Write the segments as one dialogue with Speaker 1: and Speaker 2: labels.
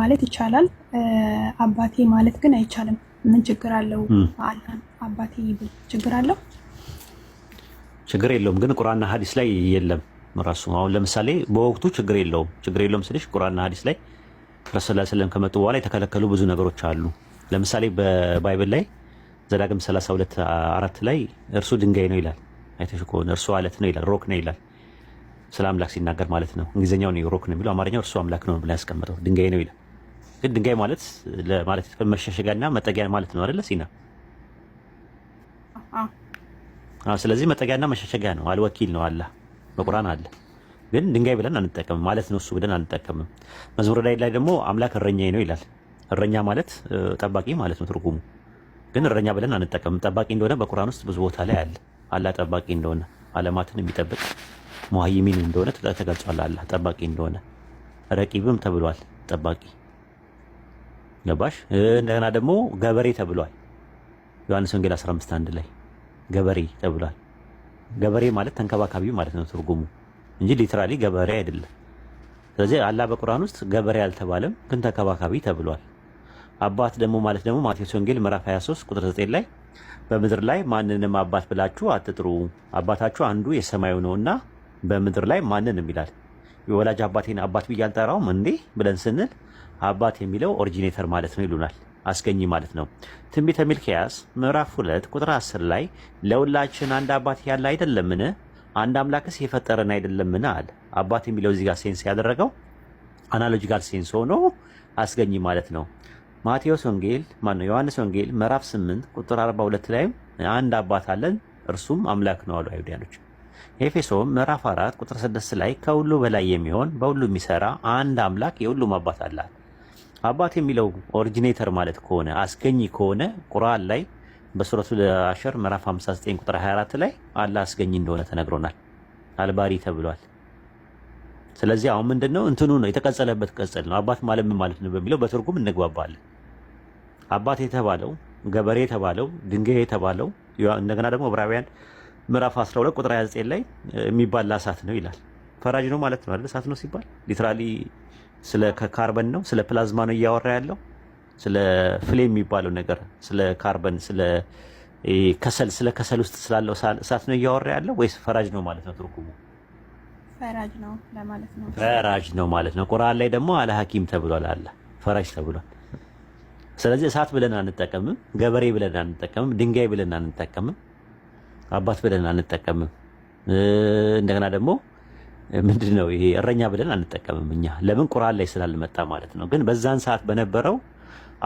Speaker 1: ማለት ይቻላል። አባቴ ማለት ግን አይቻልም። ምን ችግር አለው? አባቴ ችግር አለው?
Speaker 2: ችግር የለውም። ግን ቁርአንና ሀዲስ ላይ የለም። ራሱ አሁን ለምሳሌ በወቅቱ ችግር የለውም። ችግር የለውም ስልሽ ቁርአንና ሀዲስ ላይ ረሱላ ስለም ከመጡ በኋላ የተከለከሉ ብዙ ነገሮች አሉ። ለምሳሌ በባይብል ላይ ዘዳግም 32 አራት ላይ እርሱ ድንጋይ ነው ይላል። አይተሽ ከሆነ እርሱ አለት ነው ይላል፣ ሮክ ነው ይላል ስለ አምላክ ሲናገር ማለት ነው። እንግሊዝኛው ነው ሮክ ነው የሚለው፣ አማርኛው እርሱ አምላክ ነው ብለ ያስቀምጠው ድንጋይ ነው ይላል። ግን ድንጋይ ማለት ለማለት መሸሸጊያና መጠጊያ ማለት ነው አይደለ ሲና? አዎ። ስለዚህ መጠጊያና መሸሸጋ ነው። አልወኪል ነው አላህ በቁርአን አለ። ግን ድንጋይ ብለን አንጠቀምም ማለት ነው እሱ ብለን አንጠቀምም። መዝሙር ላይ ላይ ደግሞ አምላክ እረኛዬ ነው ይላል። እረኛ ማለት ጠባቂ ማለት ነው ትርጉሙ። ግን እረኛ ብለን አንጠቀምም። ጠባቂ እንደሆነ በቁርአን ውስጥ ብዙ ቦታ ላይ አለ። አላህ ጠባቂ እንደሆነ አለማትን የሚጠብቅ ሙሃይሚን እንደሆነ ተገልጿል። አላህ ጠባቂ እንደሆነ ረቂብም ተብሏል። ጠባቂ ገባሽ? እንደገና ደግሞ ገበሬ ተብሏል። ዮሐንስ ወንጌል 15 አንድ ላይ ገበሬ ተብሏል። ገበሬ ማለት ተንከባካቢ ማለት ነው ትርጉሙ እንጂ ሊትራሊ ገበሬ አይደለም። ስለዚህ አላህ በቁርአን ውስጥ ገበሬ አልተባለም፣ ግን ተንከባካቢ ተብሏል። አባት ደግሞ ማለት ደግሞ ማቴዎስ ወንጌል ምዕራፍ 23 ቁጥር 9 ላይ በምድር ላይ ማንንም አባት ብላችሁ አትጥሩ፣ አባታችሁ አንዱ የሰማዩ ነውና በምድር ላይ ማንንም ይላል። የወላጅ አባቴን አባት ብዬ አልጠራውም እንዴ ብለን ስንል አባት የሚለው ኦሪጂኔተር ማለት ነው ይሉናል፣ አስገኝ ማለት ነው። ትንቢተ ሚልክያስ ምዕራፍ ሁለት ቁጥር አስር ላይ ለሁላችን አንድ አባት ያለ አይደለምን? አንድ አምላክስ የፈጠረን አይደለምን? አለ። አባት የሚለው እዚህ ጋር ሴንስ ያደረገው አናሎጂካል ሴንስ ሆኖ አስገኝ ማለት ነው። ማቴዎስ ወንጌል ማነው ዮሐንስ ወንጌል ምዕራፍ ስምንት ቁጥር አርባ ሁለት ላይም አንድ አባት አለን እርሱም አምላክ ነው አሉ አይሁዳኖች። ኤፌሶን ምዕራፍ አራት ቁጥር ስድስት ላይ ከሁሉ በላይ የሚሆን በሁሉ የሚሰራ አንድ አምላክ የሁሉም አባት አላል አባት የሚለው ኦሪጂኔተር ማለት ከሆነ አስገኝ ከሆነ ቁርአን ላይ በሱረቱ አሸር ምዕራፍ 59 ቁጥር 24 ላይ አላህ አስገኝ እንደሆነ ተነግሮናል። አልባሪ ተብሏል። ስለዚህ አሁን ምንድነው እንትኑ ነው የተቀጸለበት ቀጸል ነው። አባት ማለት ምን ማለት ነው በሚለው በትርጉም እንግባባለን። አባት የተባለው ገበሬ የተባለው ድንጋይ የተባለው እንደገና ደግሞ ዕብራውያን ምዕራፍ 12 ቁጥር 29 ላይ የሚባል እሳት ነው ይላል። ፈራጅ ነው ማለት ነው አይደል? እሳት ነው ሲባል ሊትራሊ ስለ ከካርበን ነው ስለ ፕላዝማ ነው እያወራ ያለው ስለ ፍሌም የሚባለው ነገር ስለ ካርበን ስለ ከሰል ስለ ከሰል ውስጥ ስላለው እሳት ነው እያወራ ያለው ወይስ ፈራጅ ነው ማለት ነው? ትርጉሙ
Speaker 1: ፈራጅ ነው ለማለት ነው።
Speaker 2: ፈራጅ ነው ማለት ነው። ቁርአን ላይ ደግሞ አለ ሐኪም ተብሏል፣ አለ ፈራጅ ተብሏል። ስለዚህ እሳት ብለን አንጠቀምም፣ ገበሬ ብለን አንጠቀምም፣ ድንጋይ ብለን አንጠቀምም፣ አባት ብለን አንጠቀምም። እንደገና ደግሞ ምንድን ነው ይሄ እረኛ ብለን አንጠቀምም እኛ ለምን ቁርአን ላይ ስላልመጣ ማለት ነው። ግን በዛን ሰዓት በነበረው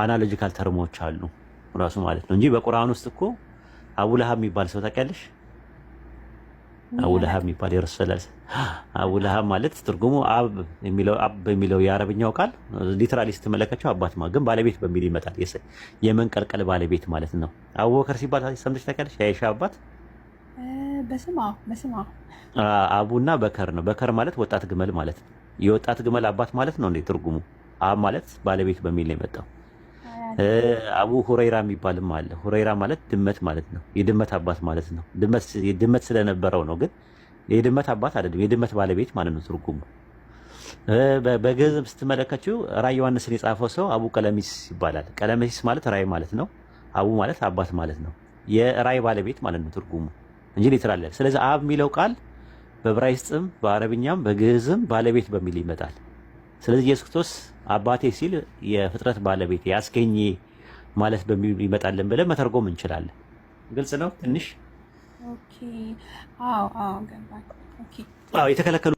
Speaker 2: አናሎጂካል ተርሞች አሉ ራሱ ማለት ነው እንጂ በቁርአን ውስጥ እኮ አቡለሃብ የሚባል ሰው ታውቂያለሽ? አቡለሃብ የሚባል የረሰላል አቡለሃብ ማለት ትርጉሙ አብ የሚለው አብ በሚለው የአረብኛው ቃል ሊትራሊ ስትመለከቸው አባት ማለት ግን ባለቤት በሚል ይመጣል። የመንቀልቀል ባለቤት ማለት ነው። አቡበከር ሲባል ሰምተሽ ታውቂያለሽ? የአይሻ አባት አቡና በከር ነው። በከር ማለት ወጣት ግመል ማለት ነው። የወጣት ግመል አባት ማለት ነው እንዴ ትርጉሙ። አብ ማለት ባለቤት በሚል ነው የመጣው። አቡ ሁረይራ የሚባልም አለ። ሁረይራ ማለት ድመት ማለት ነው። የድመት አባት ማለት ነው። ድመት ስለነበረው ነው፣ ግን የድመት አባት አይደለም፣ የድመት ባለቤት ማለት ነው ትርጉሙ። በገንዘብ ስትመለከችው ራይ ዮሐንስን የጻፈው ሰው አቡ ቀለሚስ ይባላል። ቀለሚስ ማለት ራይ ማለት ነው። አቡ ማለት አባት ማለት ነው። የራዕይ ባለቤት ማለት ነው ትርጉሙ እንጂ ሊትራል አይደለም። ስለዚህ አብ የሚለው ቃል በዕብራይስጥም በአረብኛም በግዕዝም ባለቤት በሚል ይመጣል። ስለዚህ ኢየሱስ ክርስቶስ አባቴ ሲል የፍጥረት ባለቤት ያስገኘ ማለት በሚል ይመጣልን ብለን መተርጎም እንችላለን። ግልጽ ነው ትንሽ?
Speaker 1: ኦኬ። አዎ፣ አዎ፣ ኦኬ። አዎ የተከለከሉ